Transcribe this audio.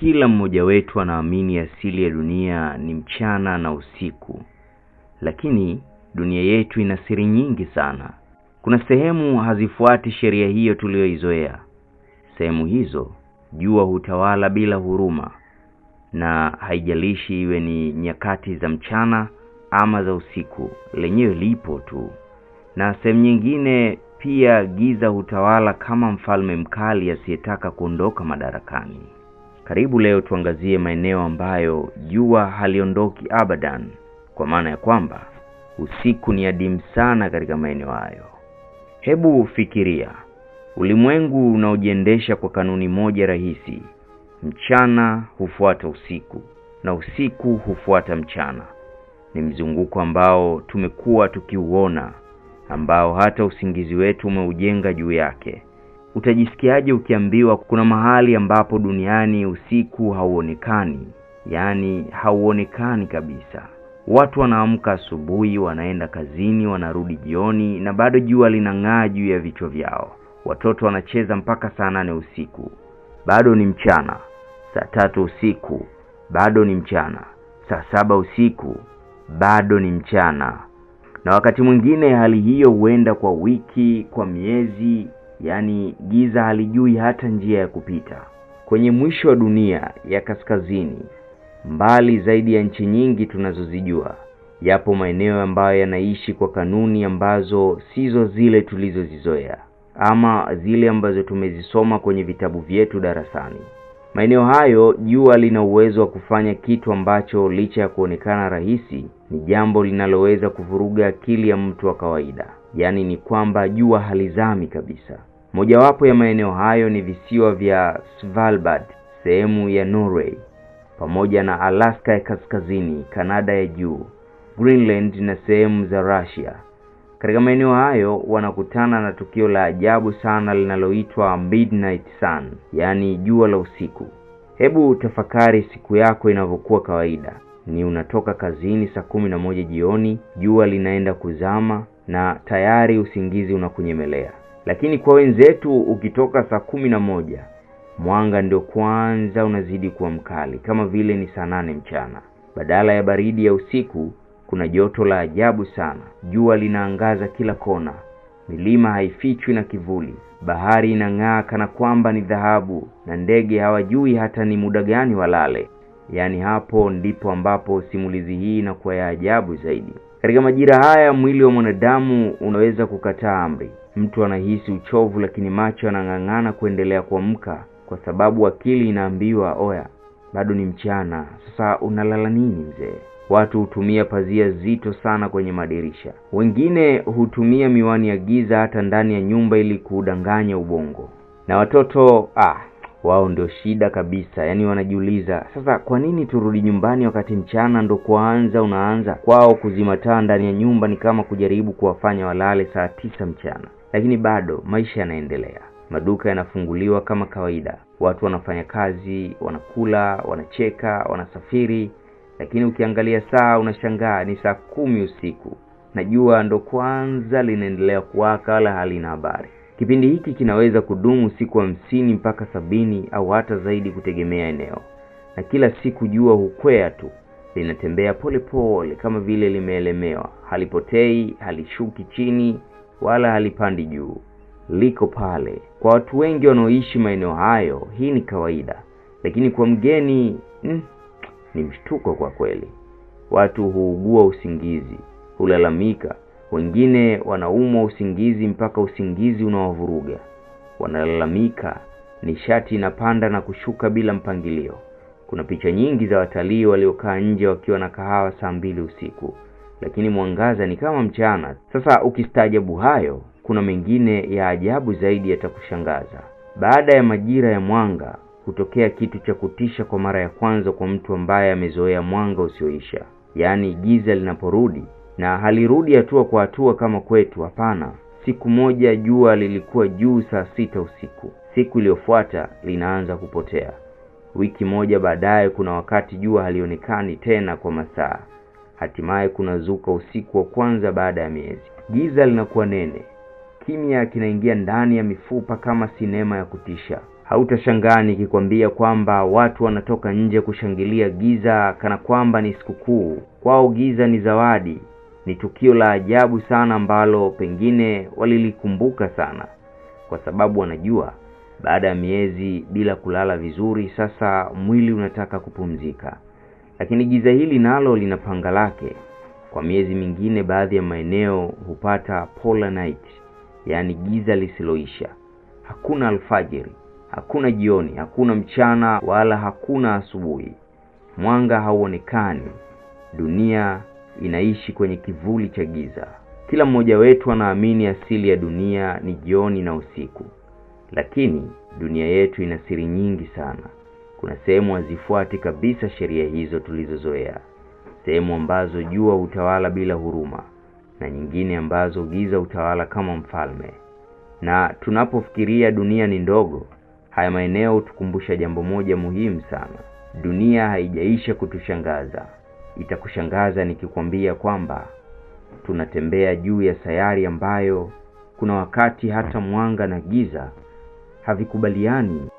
Kila mmoja wetu anaamini asili ya dunia ni mchana na usiku, lakini dunia yetu ina siri nyingi sana. Kuna sehemu hazifuati sheria hiyo tuliyoizoea. Sehemu hizo jua hutawala bila huruma, na haijalishi iwe ni nyakati za mchana ama za usiku, lenyewe lipo tu. Na sehemu nyingine pia giza hutawala kama mfalme mkali asiyetaka kuondoka madarakani. Karibu leo tuangazie maeneo ambayo jua haliondoki abadan, kwa maana ya kwamba usiku ni adimu sana katika maeneo hayo. Hebu fikiria ulimwengu unaojiendesha kwa kanuni moja rahisi: mchana hufuata usiku na usiku hufuata mchana. Ni mzunguko ambao tumekuwa tukiuona, ambao hata usingizi wetu umeujenga juu yake. Utajisikiaje ukiambiwa kuna mahali ambapo duniani usiku hauonekani? Yaani hauonekani kabisa. Watu wanaamka asubuhi, wanaenda kazini, wanarudi jioni na bado jua linang'aa juu ya vichwa vyao. Watoto wanacheza mpaka saa nane usiku, bado ni mchana. Saa tatu usiku, bado ni mchana. Saa saba usiku, bado ni mchana. Na wakati mwingine hali hiyo huenda kwa wiki, kwa miezi, yaani giza halijui hata njia ya kupita. Kwenye mwisho wa dunia ya kaskazini, mbali zaidi ya nchi nyingi tunazozijua, yapo maeneo ambayo yanaishi kwa kanuni ambazo sizo zile tulizozizoea ama zile ambazo tumezisoma kwenye vitabu vyetu darasani. Maeneo hayo jua lina uwezo wa kufanya kitu ambacho licha ya kuonekana rahisi, ni jambo linaloweza kuvuruga akili ya mtu wa kawaida yaani ni kwamba jua halizami kabisa. Mojawapo ya maeneo hayo ni visiwa vya Svalbard sehemu ya Norway, pamoja na Alaska ya kaskazini, Kanada ya juu, Greenland na sehemu za Russia. Katika maeneo hayo wanakutana na tukio la ajabu sana linaloitwa Midnight Sun, yaani jua la usiku. Hebu tafakari siku yako inavyokuwa kawaida. Ni unatoka kazini saa kumi na moja jioni, jua linaenda kuzama, na tayari usingizi unakunyemelea. Lakini kwa wenzetu ukitoka saa kumi na moja mwanga ndio kwanza unazidi kuwa mkali, kama vile ni saa nane mchana. Badala ya baridi ya usiku, kuna joto la ajabu sana. Jua linaangaza kila kona, milima haifichwi na kivuli, bahari inang'aa kana kwamba ni dhahabu, na ndege hawajui hata ni muda gani walale. Yaani hapo ndipo ambapo simulizi hii inakuwa ya ajabu zaidi. Katika majira haya mwili wa mwanadamu unaweza kukataa amri. Mtu anahisi uchovu, lakini macho anang'ang'ana kuendelea kuamka kwa sababu akili inaambiwa oya, bado ni mchana. Sasa unalala nini mzee? Watu hutumia pazia zito sana kwenye madirisha, wengine hutumia miwani ya giza hata ndani ya nyumba ili kuudanganya ubongo. Na watoto ah, wao ndio shida kabisa. Yaani wanajiuliza sasa, kwa nini turudi nyumbani wakati mchana ndo kuanza unaanza kwao. Kuzima taa ndani ya nyumba ni kama kujaribu kuwafanya walale saa tisa mchana, lakini bado maisha yanaendelea. Maduka yanafunguliwa kama kawaida, watu wanafanya kazi, wanakula, wanacheka, wanasafiri, lakini ukiangalia saa unashangaa ni saa kumi usiku najua ndo kwanza linaendelea kuwaka, wala halina habari. Kipindi hiki kinaweza kudumu siku hamsini mpaka sabini au hata zaidi kutegemea eneo, na kila siku jua hukwea tu, linatembea polepole pole, kama vile limeelemewa. Halipotei, halishuki chini wala halipandi juu, liko pale. Kwa watu wengi wanaoishi maeneo hayo, hii ni kawaida, lakini kwa mgeni mm, ni mshtuko kwa kweli. Watu huugua usingizi, hulalamika wengine wanaumwa usingizi mpaka usingizi unawavuruga. Wanalalamika nishati inapanda na kushuka bila mpangilio. Kuna picha nyingi za watalii waliokaa nje wakiwa na kahawa saa mbili usiku, lakini mwangaza ni kama mchana. Sasa ukistaajabu hayo, kuna mengine ya ajabu zaidi yatakushangaza. Baada ya majira ya mwanga hutokea kitu cha kutisha kwa mara ya kwanza kwa mtu ambaye amezoea mwanga usioisha, yaani giza linaporudi na halirudi hatua kwa hatua kama kwetu. Hapana, siku moja jua lilikuwa juu saa sita usiku. Siku iliyofuata linaanza kupotea. Wiki moja baadaye, kuna wakati jua halionekani tena kwa masaa. Hatimaye kunazuka usiku wa kwanza baada ya miezi. Giza linakuwa nene, kimya kinaingia ndani ya mifupa kama sinema ya kutisha. Hautashangaa nikikwambia kwamba watu wanatoka nje kushangilia giza kana kwamba ni sikukuu. Kwao giza ni zawadi, ni tukio la ajabu sana ambalo pengine walilikumbuka sana, kwa sababu wanajua baada ya miezi bila kulala vizuri, sasa mwili unataka kupumzika. Lakini giza hili nalo lina panga lake. Kwa miezi mingine, baadhi ya maeneo hupata polar night, yaani giza lisiloisha. Hakuna alfajiri, hakuna jioni, hakuna mchana, wala hakuna asubuhi. Mwanga hauonekani, dunia inaishi kwenye kivuli cha giza. Kila mmoja wetu anaamini asili ya dunia ni jioni na usiku, lakini dunia yetu ina siri nyingi sana. Kuna sehemu hazifuati kabisa sheria hizo tulizozoea, sehemu ambazo jua hutawala bila huruma na nyingine ambazo giza hutawala kama mfalme. Na tunapofikiria dunia ni ndogo, haya maeneo hutukumbusha jambo moja muhimu sana: dunia haijaisha kutushangaza. Itakushangaza nikikwambia kwamba tunatembea juu ya sayari ambayo kuna wakati hata mwanga na giza havikubaliani.